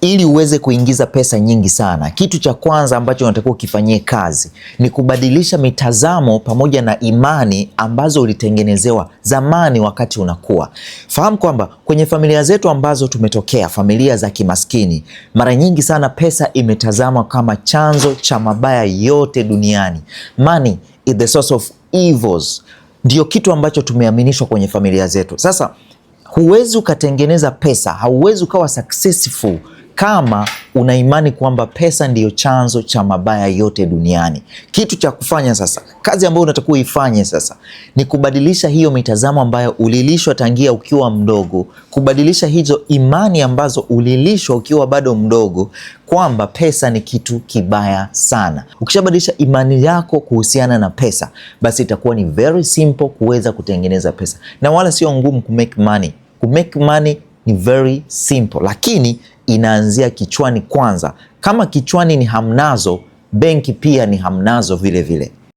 ili uweze kuingiza pesa nyingi sana, kitu cha kwanza ambacho unatakiwa ukifanyie kazi ni kubadilisha mitazamo pamoja na imani ambazo ulitengenezewa zamani wakati unakuwa. Fahamu kwamba kwenye familia zetu ambazo tumetokea, familia za kimaskini, mara nyingi sana pesa imetazamwa kama chanzo cha mabaya yote duniani. Money is the source of evils, ndiyo kitu ambacho tumeaminishwa kwenye familia zetu. Sasa huwezi ukatengeneza pesa, hauwezi ukawa successful kama una imani kwamba pesa ndiyo chanzo cha mabaya yote duniani, kitu cha kufanya sasa, kazi ambayo unatakiwa ifanye sasa ni kubadilisha hiyo mitazamo ambayo ulilishwa tangia ukiwa mdogo, kubadilisha hizo imani ambazo ulilishwa ukiwa bado mdogo, kwamba pesa ni kitu kibaya sana. Ukishabadilisha imani yako kuhusiana na pesa, basi itakuwa ni very simple kuweza kutengeneza pesa, na wala sio ngumu kumake money. Kumake money ni very simple, lakini inaanzia kichwani kwanza. Kama kichwani ni hamnazo, benki pia ni hamnazo vile vile.